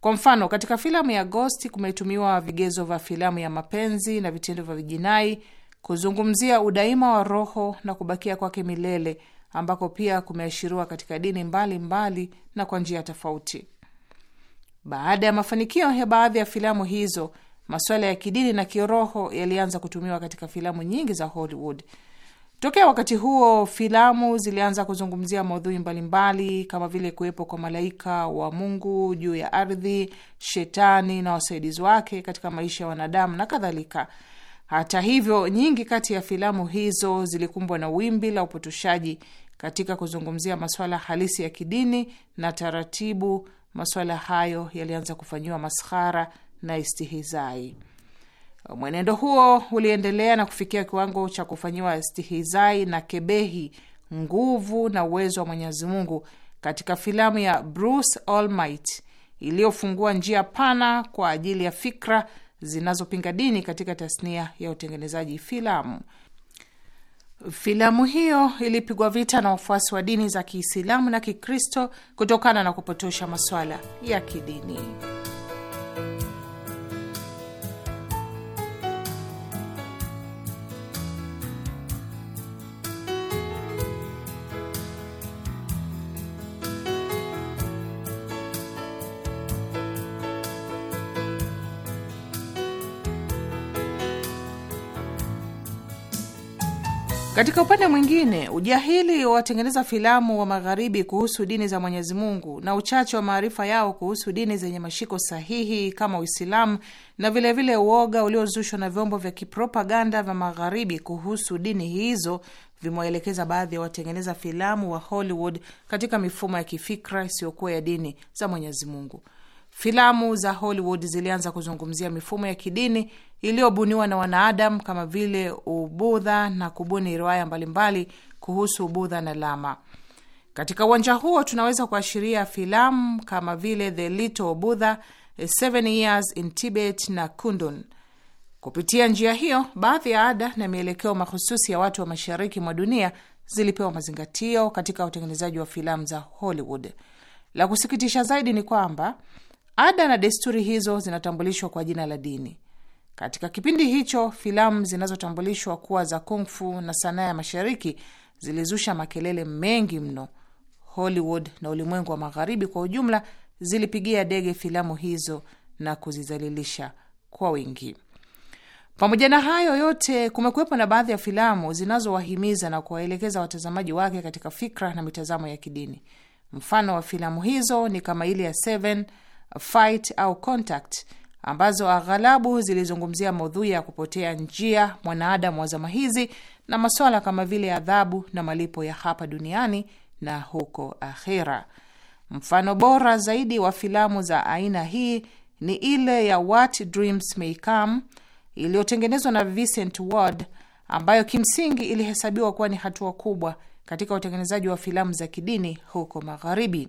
Kwa mfano, katika filamu ya Ghost kumetumiwa vigezo vya filamu ya mapenzi na vitendo vya vijinai kuzungumzia udaima wa roho na kubakia kwake milele ambako pia kumeashiriwa katika dini mbalimbali mbali na kwa njia tofauti. Baada ya mafanikio ya baadhi ya filamu hizo, masuala ya kidini na kiroho yalianza kutumiwa katika filamu nyingi za Hollywood Tokea wakati huo filamu zilianza kuzungumzia maudhui mbalimbali kama vile kuwepo kwa malaika wa Mungu juu ya ardhi, shetani na wasaidizi wake katika maisha ya wanadamu na kadhalika. Hata hivyo, nyingi kati ya filamu hizo zilikumbwa na wimbi la upotoshaji katika kuzungumzia masuala halisi ya kidini, na taratibu masuala hayo yalianza kufanyiwa maskhara na istihizai. Mwenendo huo uliendelea na kufikia kiwango cha kufanyiwa stihizai na kebehi nguvu na uwezo wa Mwenyezi Mungu katika filamu ya Bruce Almighty iliyofungua njia pana kwa ajili ya fikra zinazopinga dini katika tasnia ya utengenezaji filamu. Filamu hiyo ilipigwa vita na wafuasi wa dini za Kiislamu na Kikristo kutokana na kupotosha masuala ya kidini. Katika upande mwingine, ujahili wa watengeneza filamu wa Magharibi kuhusu dini za Mwenyezi Mungu na uchache wa maarifa yao kuhusu dini zenye mashiko sahihi kama Uislamu na vilevile vile uoga uliozushwa na vyombo vya kipropaganda vya Magharibi kuhusu dini hizo vimewaelekeza baadhi ya watengeneza filamu wa Hollywood katika mifumo ya kifikra isiyokuwa ya dini za Mwenyezi Mungu. Filamu za Hollywood zilianza kuzungumzia mifumo ya kidini iliyobuniwa na wanaadamu kama vile Ubudha na kubuni riwaya mbalimbali kuhusu Ubudha na lama. Katika uwanja huo tunaweza kuashiria filamu kama vile The Little Buddha, Seven Years in Tibet na Kundun. Kupitia njia hiyo, baadhi ya ada na mielekeo mahususi ya watu wa mashariki mwa dunia zilipewa mazingatio katika utengenezaji wa filamu za Hollywood. La kusikitisha zaidi ni kwamba Ada na desturi hizo zinatambulishwa kwa jina la dini. Katika kipindi hicho, filamu zinazotambulishwa kuwa za kungfu na sanaa ya mashariki zilizusha makelele mengi mno. Hollywood na ulimwengu wa magharibi kwa ujumla zilipigia dege filamu hizo na kuzizalilisha kwa wingi. Pamoja na hayo yote, kumekuwepo na baadhi ya filamu zinazowahimiza na kuwaelekeza watazamaji wake katika fikra na mitazamo ya kidini. Mfano wa filamu hizo ni kama ile ya Seven Fight au Contact ambazo aghalabu zilizungumzia maudhui ya kupotea njia mwanaadamu wa zama hizi na masuala kama vile adhabu na malipo ya hapa duniani na huko akhira Mfano bora zaidi wa filamu za aina hii ni ile ya What Dreams May Come iliyotengenezwa na Vincent Ward ambayo kimsingi ilihesabiwa kuwa ni hatua kubwa katika utengenezaji wa filamu za kidini huko Magharibi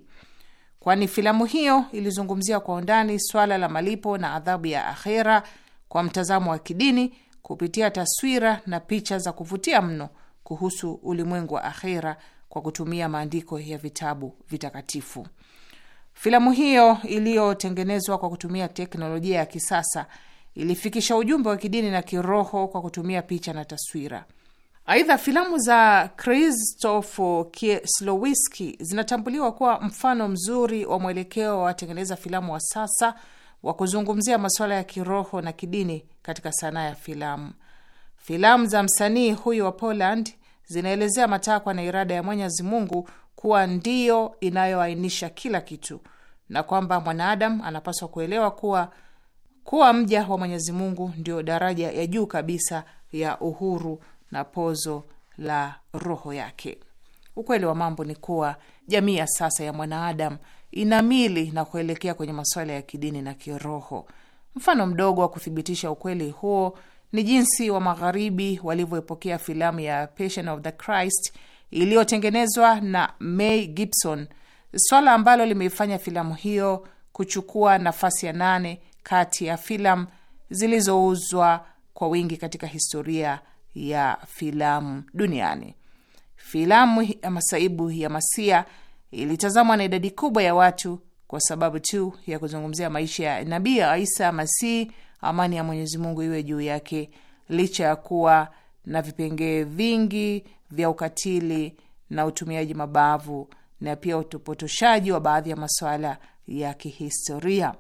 kwani filamu hiyo ilizungumzia kwa undani swala la malipo na adhabu ya akhera kwa mtazamo wa kidini kupitia taswira na picha za kuvutia mno kuhusu ulimwengu wa akhera kwa kutumia maandiko ya vitabu vitakatifu. Filamu hiyo iliyotengenezwa kwa kutumia teknolojia ya kisasa ilifikisha ujumbe wa kidini na kiroho kwa kutumia picha na taswira. Aidha, filamu za Krzysztof Kieslowski zinatambuliwa kuwa mfano mzuri wa mwelekeo wa watengeneza filamu wa sasa wa kuzungumzia masuala ya kiroho na kidini katika sanaa ya filamu. Filamu za msanii huyu wa Poland zinaelezea matakwa na irada ya Mwenyezi Mungu kuwa ndiyo inayoainisha kila kitu na kwamba mwanadamu anapaswa kuelewa kuwa kuwa mja wa Mwenyezi Mungu ndio daraja ya juu kabisa ya uhuru na pozo la roho yake. Ukweli wa mambo ni kuwa jamii ya sasa ya mwanaadamu mili na kuelekea kwenye masuala ya kidini na kiroho. Mfano mdogo wa kuthibitisha ukweli huo ni jinsi wa magharibi walivyoipokea filamu ya Passion of the Christ iliyotengenezwa na Mel Gibson, swala ambalo limeifanya filamu hiyo kuchukua nafasi ya nane kati ya filamu zilizouzwa kwa wingi katika historia ya filamu duniani. Filamu ya masaibu ya Masia ilitazamwa na idadi kubwa ya watu kwa sababu tu ya kuzungumzia maisha ya Nabii Isa Masihi, amani ya Mwenyezi Mungu iwe juu yake, licha ya kuwa na vipengee vingi vya ukatili na utumiaji mabavu na pia utopotoshaji wa baadhi ya masuala ya kihistoria.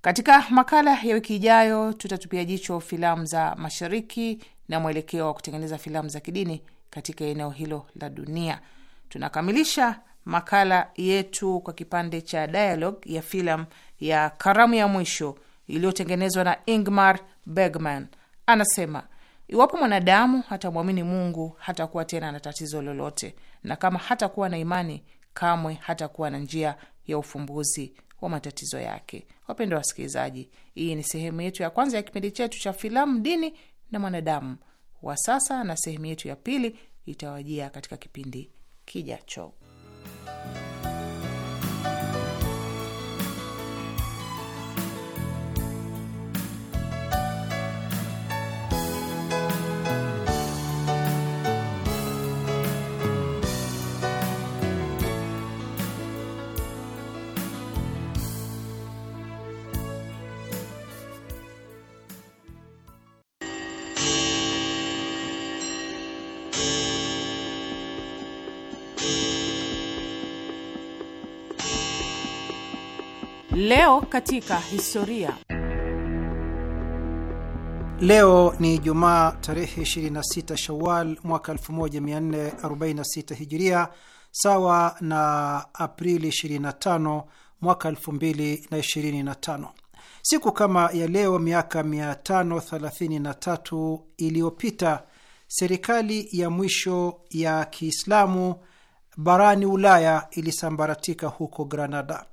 Katika makala ya wiki ijayo tutatupia jicho filamu za Mashariki na mwelekeo wa kutengeneza filamu za kidini katika eneo hilo la dunia. Tunakamilisha makala yetu kwa kipande cha dialogue ya filamu ya Karamu ya Mwisho iliyotengenezwa na Ingmar Bergman. Anasema iwapo mwanadamu hatamwamini Mungu hatakuwa tena na tatizo lolote, na kama hatakuwa na imani kamwe hatakuwa na njia ya ufumbuzi wa matatizo yake. Wapendwa wasikilizaji, hii ni sehemu yetu ya kwanza ya kipindi chetu cha filamu, dini na mwanadamu wa sasa, na sehemu yetu ya pili itawajia katika kipindi kijacho. Leo katika historia. Leo ni Jumaa tarehe 26 Shawal mwaka 1446 Hijiria, sawa na Aprili 25 mwaka 2025. Siku kama ya leo miaka 533 iliyopita serikali ya mwisho ya Kiislamu barani Ulaya ilisambaratika huko Granada.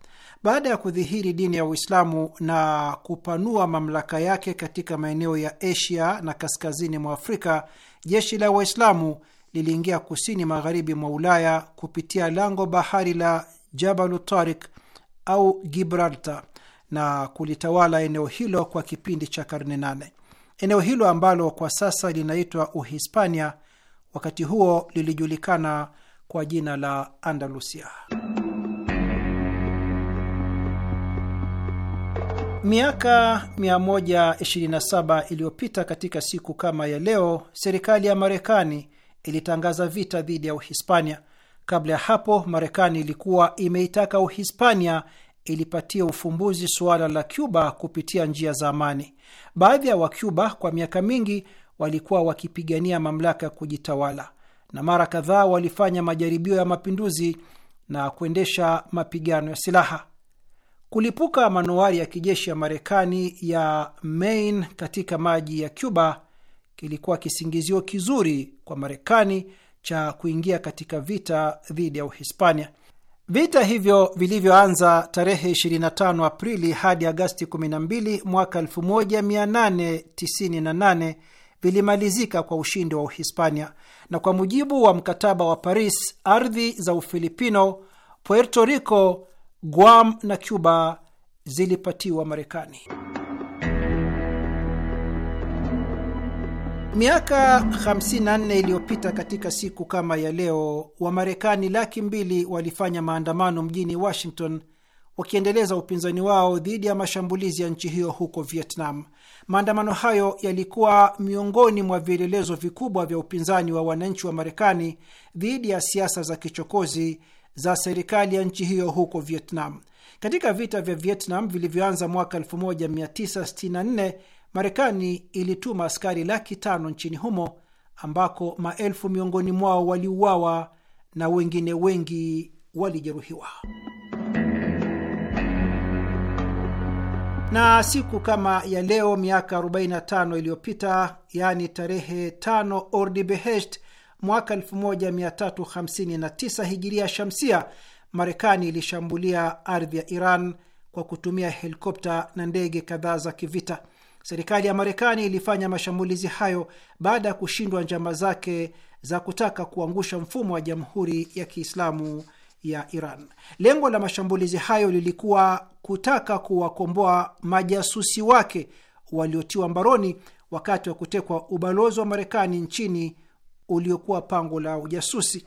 Baada ya kudhihiri dini ya Uislamu na kupanua mamlaka yake katika maeneo ya Asia na kaskazini mwa Afrika, jeshi la Waislamu liliingia kusini magharibi mwa Ulaya kupitia lango bahari la Jabalu Tarik au Gibraltar na kulitawala eneo hilo kwa kipindi cha karne nane. Eneo hilo ambalo kwa sasa linaitwa Uhispania, wakati huo lilijulikana kwa jina la Andalusia. Miaka 127 iliyopita katika siku kama ya leo, serikali ya Marekani ilitangaza vita dhidi ya Uhispania. Kabla ya hapo, Marekani ilikuwa imeitaka Uhispania ilipatia ufumbuzi suala la Cuba kupitia njia za amani. Baadhi ya Wacuba kwa miaka mingi walikuwa wakipigania mamlaka ya kujitawala na mara kadhaa walifanya majaribio ya mapinduzi na kuendesha mapigano ya silaha. Kulipuka manowari ya kijeshi ya Marekani ya Maine katika maji ya Cuba kilikuwa kisingizio kizuri kwa Marekani cha kuingia katika vita dhidi ya Uhispania. Vita hivyo vilivyoanza tarehe 25 Aprili hadi Agasti 12 mwaka 1898 vilimalizika kwa ushindi wa Uhispania, na kwa mujibu wa mkataba wa Paris, ardhi za Ufilipino, Puerto Rico Guam na Cuba zilipatiwa Marekani. Miaka 54 iliyopita katika siku kama ya leo, Wamarekani laki mbili walifanya maandamano mjini Washington wakiendeleza upinzani wao dhidi ya mashambulizi ya nchi hiyo huko Vietnam. Maandamano hayo yalikuwa miongoni mwa vielelezo vikubwa vya upinzani wa wananchi wa Marekani dhidi ya siasa za kichokozi za serikali ya nchi hiyo huko Vietnam. Katika vita vya Vietnam vilivyoanza mwaka 1964 Marekani ilituma askari laki tano nchini humo ambako maelfu miongoni mwao waliuawa na wengine wengi walijeruhiwa. Na siku kama ya leo miaka 45 iliyopita, yaani tarehe 5 Ordibehesht mwaka 1359 hijiria shamsia, Marekani ilishambulia ardhi ya Iran kwa kutumia helikopta na ndege kadhaa za kivita. Serikali ya Marekani ilifanya mashambulizi hayo baada ya kushindwa njama zake za kutaka kuangusha mfumo wa Jamhuri ya Kiislamu ya Iran. Lengo la mashambulizi hayo lilikuwa kutaka kuwakomboa majasusi wake waliotiwa mbaroni wakati wa kutekwa ubalozi wa Marekani nchini uliokuwa pango la ujasusi.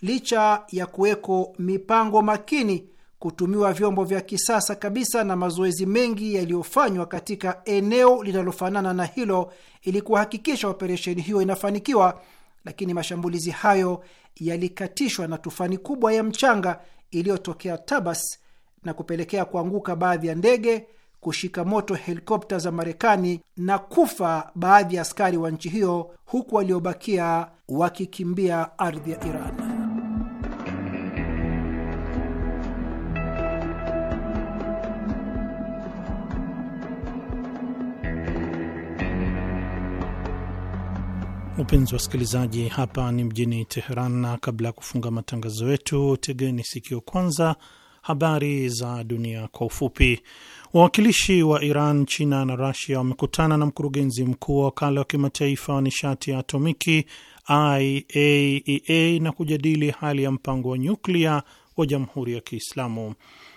Licha ya kuweko mipango makini, kutumiwa vyombo vya kisasa kabisa na mazoezi mengi yaliyofanywa katika eneo linalofanana na hilo ili kuhakikisha operesheni hiyo inafanikiwa, lakini mashambulizi hayo yalikatishwa na tufani kubwa ya mchanga iliyotokea Tabas na kupelekea kuanguka baadhi ya ndege kushika moto helikopta za Marekani na kufa baadhi ya askari wa nchi hiyo, huku waliobakia wakikimbia ardhi ya Iran. wa wasikilizaji, hapa ni mjini Teheran, na kabla ya kufunga matangazo yetu, tegeni sikio kwanza habari za dunia kwa ufupi. Wawakilishi wa Iran, China na Rasia wamekutana na mkurugenzi mkuu wa wakala wa kimataifa wa nishati ya atomiki IAEA e na kujadili hali ya mpango wa nyuklia wa Jamhuri ya Kiislamu.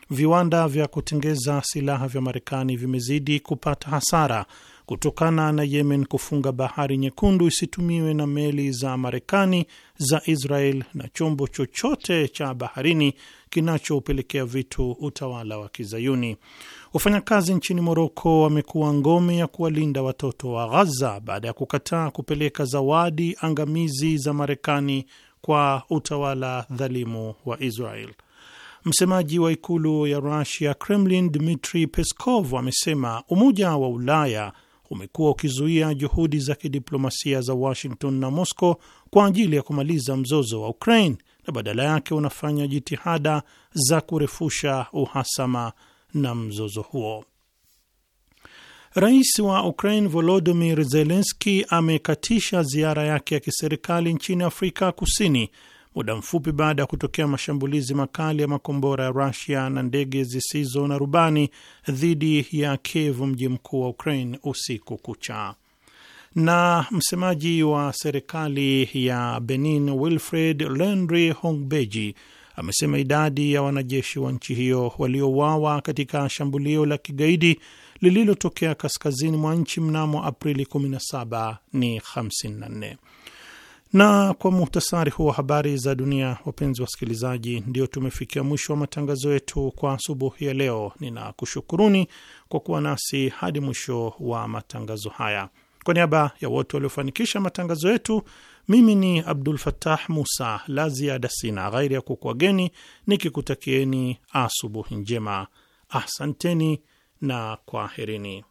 Viwanda vya kutengeza silaha vya Marekani vimezidi kupata hasara kutokana na Yemen kufunga Bahari Nyekundu isitumiwe na meli za Marekani, za Israel na chombo chochote cha baharini kinachopelekea vitu utawala wa Kizayuni. Wafanyakazi nchini Moroko wamekuwa ngome ya kuwalinda watoto wa Ghaza baada ya kukataa kupeleka zawadi angamizi za Marekani kwa utawala dhalimu wa Israel. Msemaji wa ikulu ya Rusia, Kremlin, Dmitri Peskov amesema Umoja wa Ulaya umekuwa ukizuia juhudi za kidiplomasia za Washington na Moscow kwa ajili ya kumaliza mzozo wa Ukraine na badala yake unafanya jitihada za kurefusha uhasama na mzozo huo. Rais wa Ukraine Volodymyr Zelensky amekatisha ziara yake ya kiserikali nchini Afrika Kusini muda mfupi baada ya kutokea mashambulizi makali ya makombora ya Rusia na ndege zisizo na rubani dhidi ya Kiev, mji mkuu wa Ukraine, usiku kucha. Na msemaji wa serikali ya Benin Wilfred Landry Hongbeji amesema idadi ya wanajeshi wa nchi hiyo waliouawa katika shambulio la kigaidi lililotokea kaskazini mwa nchi mnamo Aprili 17 ni 54. Na kwa muhtasari huo habari za dunia, wapenzi wasikilizaji, ndio tumefikia mwisho wa matangazo yetu kwa asubuhi ya leo. Ninakushukuruni kwa kuwa nasi hadi mwisho wa matangazo haya. Kwa niaba ya wote waliofanikisha matangazo yetu mimi ni Abdul Fattah Musa. La ziada sina ghairi ya kukwageni nikikutakieni asubuhi njema. Ahsanteni na kwaherini.